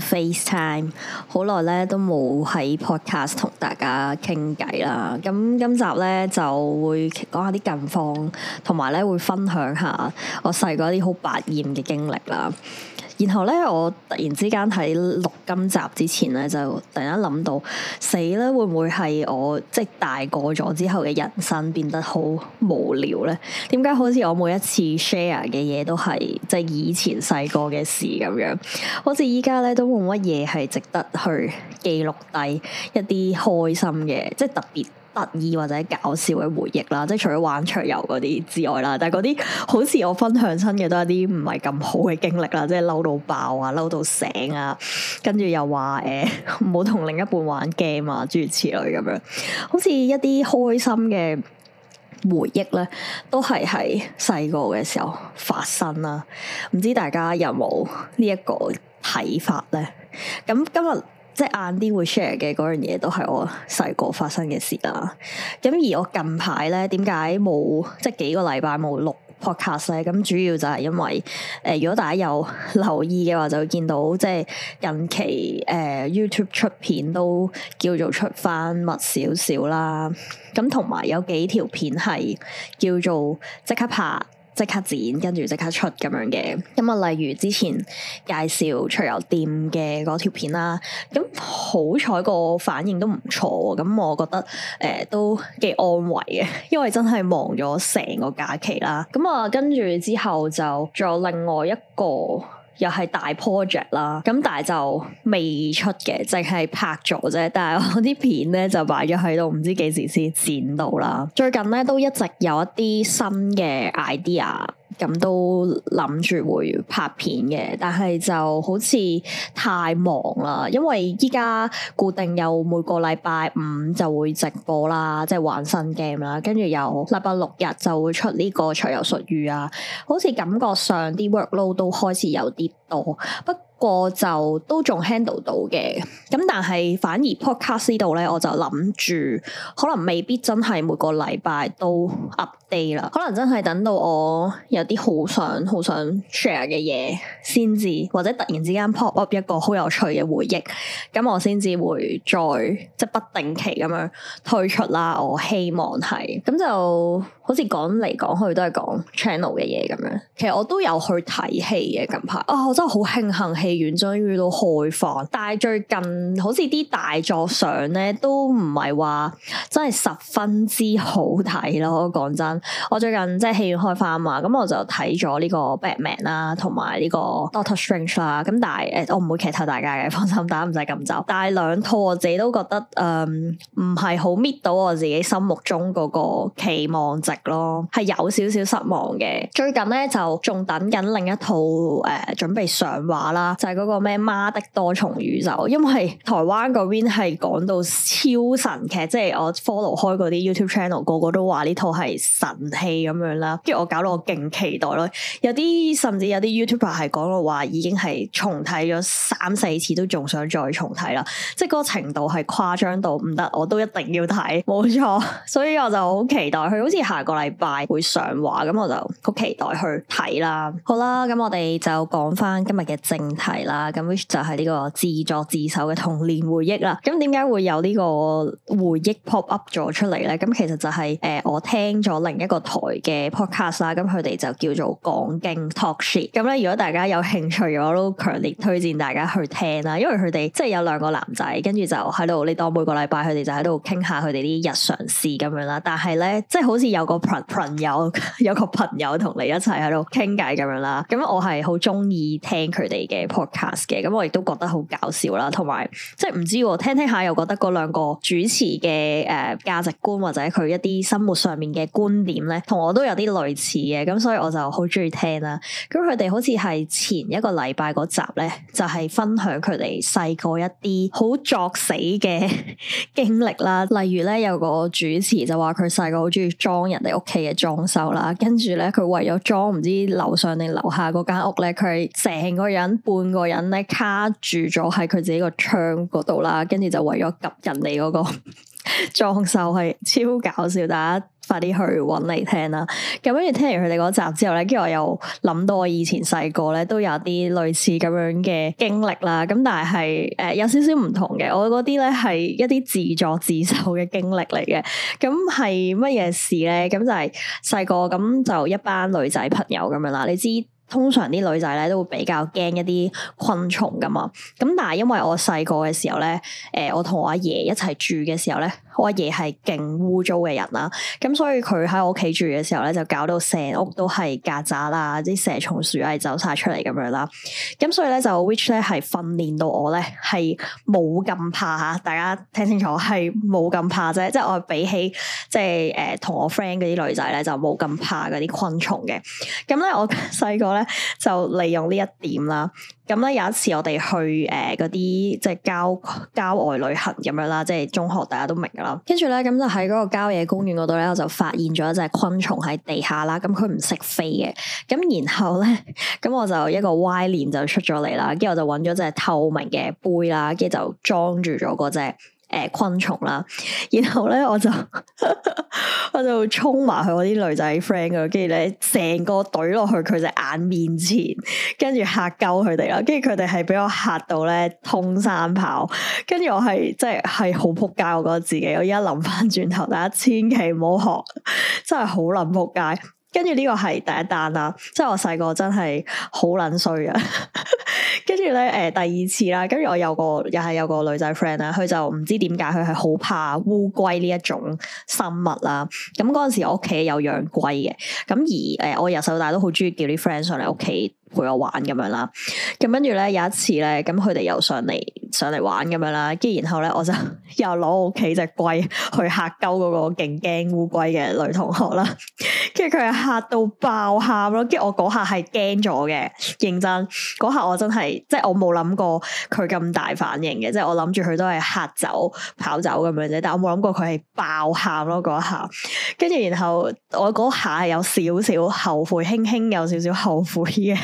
FaceTime 好耐咧，都冇喺 Podcast 同大家傾偈啦。咁今集咧就會講下啲近況，同埋咧會分享下我細個啲好百厭嘅經歷啦。然後咧，我突然之間喺錄今集之前咧，就突然間諗到，死咧會唔會係我即係、就是、大個咗之後嘅人生變得好無聊咧？點解好似我每一次 share 嘅嘢都係即係以前細個嘅事咁樣？好似依家咧都。冇乜嘢係值得去記錄低一啲開心嘅，即係特別得意或者搞笑嘅回憶啦。即係除咗玩桌遊嗰啲之外啦，但係嗰啲好似我分享親嘅都係啲唔係咁好嘅經歷啦，即係嬲到爆啊，嬲到醒啊，欸、跟住又話誒唔好同另一半玩 game 啊，諸如此類咁樣。好似一啲開心嘅回憶咧，都係喺細個嘅時候發生啦。唔知大家有冇呢一個？睇法咧，咁今日即係晏啲會 share 嘅嗰樣嘢都係我細個發生嘅事啦。咁而我近排咧，點解冇即係幾個禮拜冇錄 podcast 咧？咁主要就係因為，誒、呃，如果大家有留意嘅話，就會見到即係近期誒、呃、YouTube 出片都叫做出翻密少少啦。咁同埋有幾條片係叫做即刻拍。即刻剪，跟住即刻出咁樣嘅。咁啊，例如之前介紹出遊店嘅嗰條片啦，咁好彩個反應都唔錯，咁我覺得誒、呃、都幾安慰嘅，因為真係忙咗成個假期啦。咁啊，跟住之後就仲有另外一個。又係大 project 啦，咁但係就未出嘅，淨係拍咗啫。但係我啲片咧就擺咗喺度，唔知幾時先剪到啦。最近咧都一直有一啲新嘅 idea。咁都諗住會拍片嘅，但係就好似太忙啦，因為依家固定有每個禮拜五就會直播啦，即係玩新 game 啦，跟住有禮拜六日就會出呢個出遊術語啊，好似感覺上啲 work load 都開始有啲多不。個就都仲 handle 到嘅，咁但係反而 podcast 呢度咧，我就諗住可能未必真係每個禮拜都 update 啦，可能真係等到我有啲好想好想 share 嘅嘢，先至或者突然之間 pop up 一個好有趣嘅回憶，咁我先至會再即係不定期咁樣推出啦。我希望係咁，就好似講嚟，講去都係講 channel 嘅嘢咁樣。其實我都有去睇戲嘅，近排。啊，我真係好慶幸戲。戲院終於都開放，但係最近好似啲大作上咧都唔係話真係十分之好睇咯。講真，我最近即係戲院開翻嘛，咁我就睇咗呢個 Batman 啦，同埋呢個 Doctor Strange 啦。咁但係誒、欸，我唔會劇透大家嘅，放心，大家唔使咁走。但係兩套我自己都覺得誒，唔係好 meet 到我自己心目中嗰個期望值咯，係有少少失望嘅。最近咧就仲等緊另一套誒、呃，準備上畫啦。就係嗰個咩媽的多重宇宙，因為台灣嗰邊係講到超神劇，即係我 follow 開嗰啲 YouTube channel，個個都話呢套係神戲咁樣啦。跟住我搞到我勁期待咯，有啲甚至有啲 YouTuber 係講到話已經係重睇咗三四次，都仲想再重睇啦。即係嗰程度係誇張到唔得，我都一定要睇，冇錯。所以我就好期待佢好似下個禮拜會上畫，咁我就好期待去睇啦。好啦，咁我哋就講翻今日嘅正題。係啦，咁 which 就係呢個自作自受嘅童年回憶啦。咁點解會有呢個回憶 pop up 咗出嚟咧？咁其實就係、是、誒、呃，我聽咗另一個台嘅 podcast 啦，咁佢哋就叫做講經 talk shit。咁咧，如果大家有興趣，我都強烈推薦大家去聽啦。因為佢哋即係有兩個男仔，跟住就喺度，你當每個禮拜佢哋就喺度傾下佢哋啲日常事咁樣啦。但係咧，即係好似有個朋友，有個朋友同你一齊喺度傾偈咁樣啦。咁我係好中意聽佢哋嘅。cast 嘅，咁、嗯、我亦都覺得好搞笑啦，同埋即係唔知聽聽下又覺得嗰兩個主持嘅誒價值觀或者佢一啲生活上面嘅觀點咧，同我都有啲類似嘅，咁所以我就、嗯、好中意聽啦。咁佢哋好似係前一個禮拜嗰集咧，就係、是、分享佢哋細個一啲好作死嘅 經歷啦。例如咧，有個主持就話佢細個好中意裝人哋屋企嘅裝修啦，跟住咧佢為咗裝唔知樓上定樓下嗰間屋咧，佢係成個人半，個人咧卡住咗喺佢自己個窗嗰度啦，跟住就為咗夾人哋嗰個裝修係超搞笑！大家快啲去搵嚟聽啦。咁跟住聽完佢哋嗰集之後咧，跟住我又諗到我以前細個咧都有啲類似咁樣嘅經歷啦。咁但係係誒有少少唔同嘅，我嗰啲咧係一啲自作自受嘅經歷嚟嘅。咁係乜嘢事咧？咁就係細個咁就一班女仔朋友咁樣啦。你知？通常啲女仔咧都會比較驚一啲昆蟲噶嘛，咁但係因為我細個嘅時候咧，誒、呃，我同我阿爺一齊住嘅時候咧。我阿爺係勁污糟嘅人啦，咁所以佢喺我屋企住嘅時候咧，就搞到成屋都係曱甴啦，啲蛇蟲鼠蟻走晒出嚟咁樣啦。咁所以咧就，which 咧係訓練到我咧係冇咁怕吓，大家聽清楚係冇咁怕啫，即係我比起即係誒同我 friend 嗰啲女仔咧，就冇咁怕嗰啲昆蟲嘅。咁咧我細個咧就利用呢一點啦。咁咧有一次我哋去誒嗰啲即係郊郊外旅行咁樣啦，即係中學大家都明噶啦。跟住咧，咁就喺嗰個郊野公園嗰度咧，我就發現咗一隻昆蟲喺地下啦。咁佢唔識飛嘅，咁然後咧，咁我就一個歪念就出咗嚟啦。跟住我就揾咗隻透明嘅杯啦，跟住就裝住咗嗰隻誒、呃、昆蟲啦。然後咧，我就。 我就衝埋去我啲女仔 friend 嗰度，跟住咧，成個懟落去佢隻眼面前，跟住吓鳩佢哋啦。跟住佢哋係俾我吓到咧通山跑，跟住我係即係係好撲街，我覺得自己，我依家諗翻轉頭，大家千祈唔好學，真係好撚撲街。 跟住呢個係第一單啦，即係我細個真係好撚衰啊！跟住咧，誒，第二次啦，跟住我有個又係有個女仔 friend 啦，佢就唔知點解佢係好怕烏龜呢一種生物啦。咁嗰陣時我屋企有養龜嘅，咁而誒、呃、我由細到大都好中意叫啲 friend 上嚟屋企陪我玩咁樣啦。咁跟住咧有一次咧，咁佢哋又上嚟上嚟玩咁樣啦，跟住然後咧我就又攞我屋企隻龜去吓鳩嗰個勁驚烏龜嘅女同學啦。 跟住佢係嚇到爆喊咯，跟住我嗰下係驚咗嘅，認真嗰下我真係，即係我冇諗過佢咁大反應嘅，即係我諗住佢都係嚇走跑走咁樣啫，但係我冇諗過佢係爆喊咯嗰下，跟住然後我嗰下係有少少後悔，輕輕有少少後悔嘅，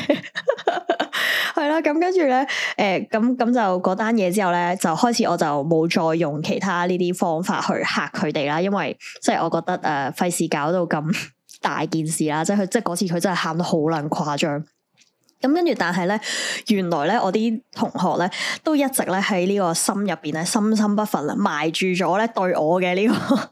係 啦，咁跟住咧，誒、呃，咁咁就嗰單嘢之後咧，就開始我就冇再用其他呢啲方法去嚇佢哋啦，因為即係我覺得誒，費、啊、事搞到咁。大件事啦，即係佢，即係嗰次佢真係喊得好撚誇張。咁跟住，但係咧，原來咧，我啲同學咧都一直咧喺呢個心入邊係深深不忿啦，埋住咗咧對我嘅呢、這個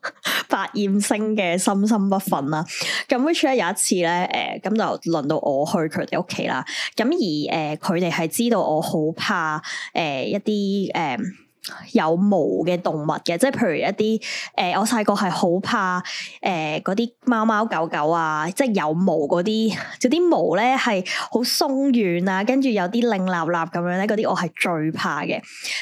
百厭星嘅深深不忿啦。咁 which 咧有一次咧，誒、呃，咁就輪到我去佢哋屋企啦。咁而誒，佢哋係知道我好怕誒、呃、一啲誒。呃有毛嘅動物嘅，即係譬如一啲誒、呃，我細個係好怕誒，嗰啲貓貓狗狗啊，即係有毛嗰啲，嗰啲毛咧係好鬆軟啊，跟住有啲擰立立咁樣咧，嗰啲我係最怕嘅。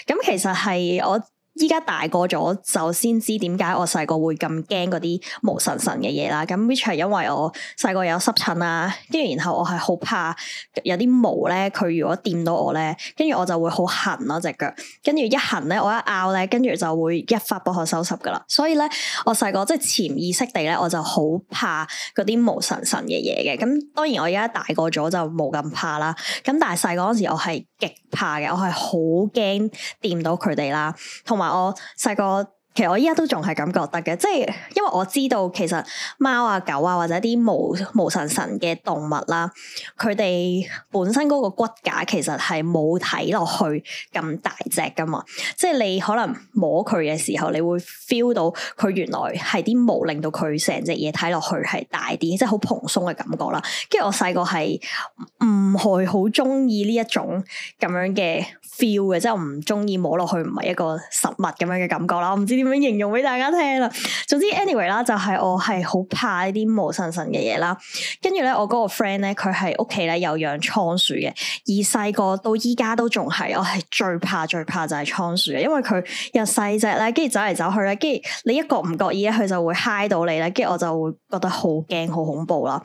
咁其實係我。依家大個咗就先知點解我細個會咁驚嗰啲毛神神嘅嘢啦，咁 which 係因為我細個有濕疹啦，跟住然後我係好怕有啲毛咧，佢如果掂到我咧，跟住我就會好痕咯，隻腳，跟住一痕咧我一拗咧，跟住就會一發不可收拾噶啦。所以咧我細個即係潛意識地咧，我就好怕嗰啲毛神神嘅嘢嘅。咁當然我而家大個咗就冇咁怕啦，咁但係細個嗰時我係極怕嘅，我係好驚掂到佢哋啦，同埋。我細個其實我依家都仲係咁覺得嘅，即係因為我知道其實貓啊，啊、狗啊或者啲毛毛神神嘅動物啦，佢哋本身嗰個骨架其實係冇睇落去咁大隻噶嘛，即係你可能摸佢嘅時候，你會 feel 到佢原來係啲毛令到佢成隻嘢睇落去係大啲，即係好蓬鬆嘅感覺啦。跟住我細個係唔係好中意呢一種咁樣嘅。feel 嘅，即係我唔中意摸落去，唔係一個實物咁樣嘅感覺啦。我唔知點樣形容俾大家聽啦。總之，anyway 啦，就係、是、我係好怕呢啲毛神神嘅嘢啦。跟住咧，我嗰個 friend 咧，佢係屋企咧有養倉鼠嘅。而細個到依家都仲係我係最怕最怕就係倉鼠嘅，因為佢又細隻咧，跟住走嚟走去咧，跟住你一個唔覺意咧，佢就會揩到你咧，跟住我就會覺得好驚好恐怖啦。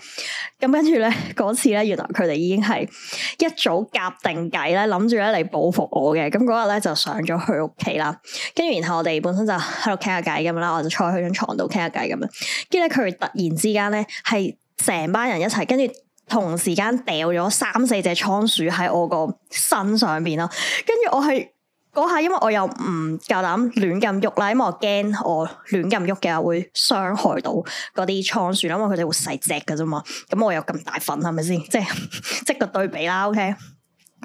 咁跟住咧嗰次咧，原來佢哋已經係一早夾定計咧，諗住咧嚟保。我嘅咁嗰日咧就上咗去屋企啦，跟住然後我哋本身就喺度傾下偈咁啦，我就坐喺佢張床度傾下偈咁樣，跟住咧佢哋突然之間咧係成班人一齊，跟住同時間掉咗三四隻倉鼠喺我個身上邊咯，跟住我係嗰下，因為我又唔夠膽亂咁喐啦，因為我驚我亂咁喐嘅話會傷害到嗰啲倉鼠啦，因為佢哋好細隻嘅啫嘛，咁我有咁大份係咪先？即係 即個對比啦，OK。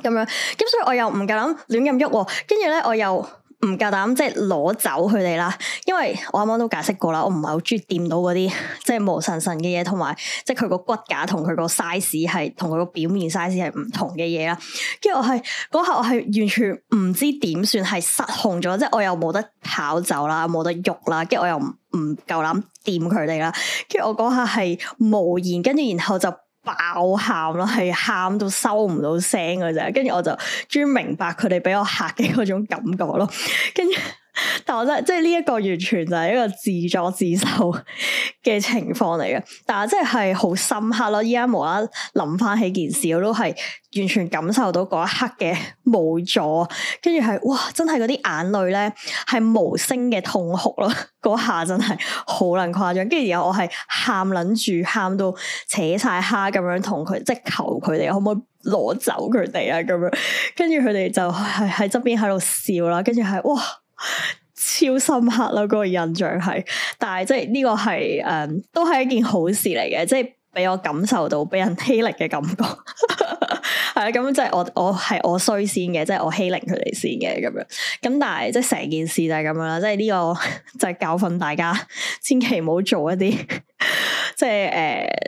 咁樣，咁所以我又唔夠膽亂咁喐，跟住咧我又唔夠膽即係攞走佢哋啦，因為我啱啱都解釋過啦，我唔係好中意掂到嗰啲即係毛神神嘅嘢，同埋即係佢個骨架同佢個 size 係同佢個表面 size 係唔同嘅嘢啦。跟住我係嗰下我係完全唔知點算係失控咗，即係我又冇得跑走啦，冇得喐啦，跟住我又唔唔夠膽掂佢哋啦，跟住我嗰下係無言，跟住然後就。爆喊咯，係喊到收唔到聲嘅啫，跟住我就終於明白佢哋俾我嚇嘅嗰種感覺咯，跟住。但我真係即係呢一個完全就係一個自作自受嘅情況嚟嘅，但係真係好深刻咯。依家無啦諗翻起件事，我都係完全感受到嗰一刻嘅冇咗。跟住係哇，真係嗰啲眼淚咧係無聲嘅痛哭咯。嗰下真係好捻誇張，跟住然後我係喊捻住喊到扯晒蝦咁樣同佢即係求佢哋可唔可以攞走佢哋啊，咁樣，跟住佢哋就係喺側邊喺度笑啦，跟住係哇。超深刻啦，嗰個印象係，但係即係呢個係誒，都係一件好事嚟嘅，即係俾我感受到俾人欺凌嘅感覺，係啦，咁即係我我係我衰先嘅，即係我欺凌佢哋先嘅咁樣，咁但係即係成件事就係咁樣啦，即係呢個就係教訓大家，千祈唔好做一啲。 即係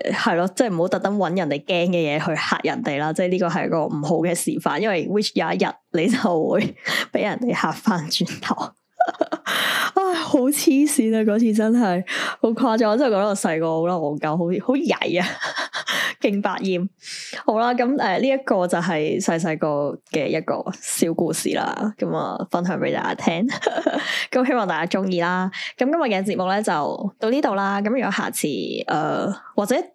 誒，係、呃、咯，即係唔好特登揾人哋驚嘅嘢去嚇人哋啦，即係呢個係一個唔好嘅示範，因為 which 有一日你就會俾人哋嚇翻轉頭。 好黐線啊！嗰次真係好誇張，誇張我真係覺得我細個好啦，我夠、啊，好好曳啊，勁百厭。好、呃、啦，咁誒呢一個就係細細個嘅一個小故事啦，咁啊分享俾大家聽。咁 希望大家中意啦。咁今日嘅節目咧就到呢度啦。咁如果下次誒、呃、或者，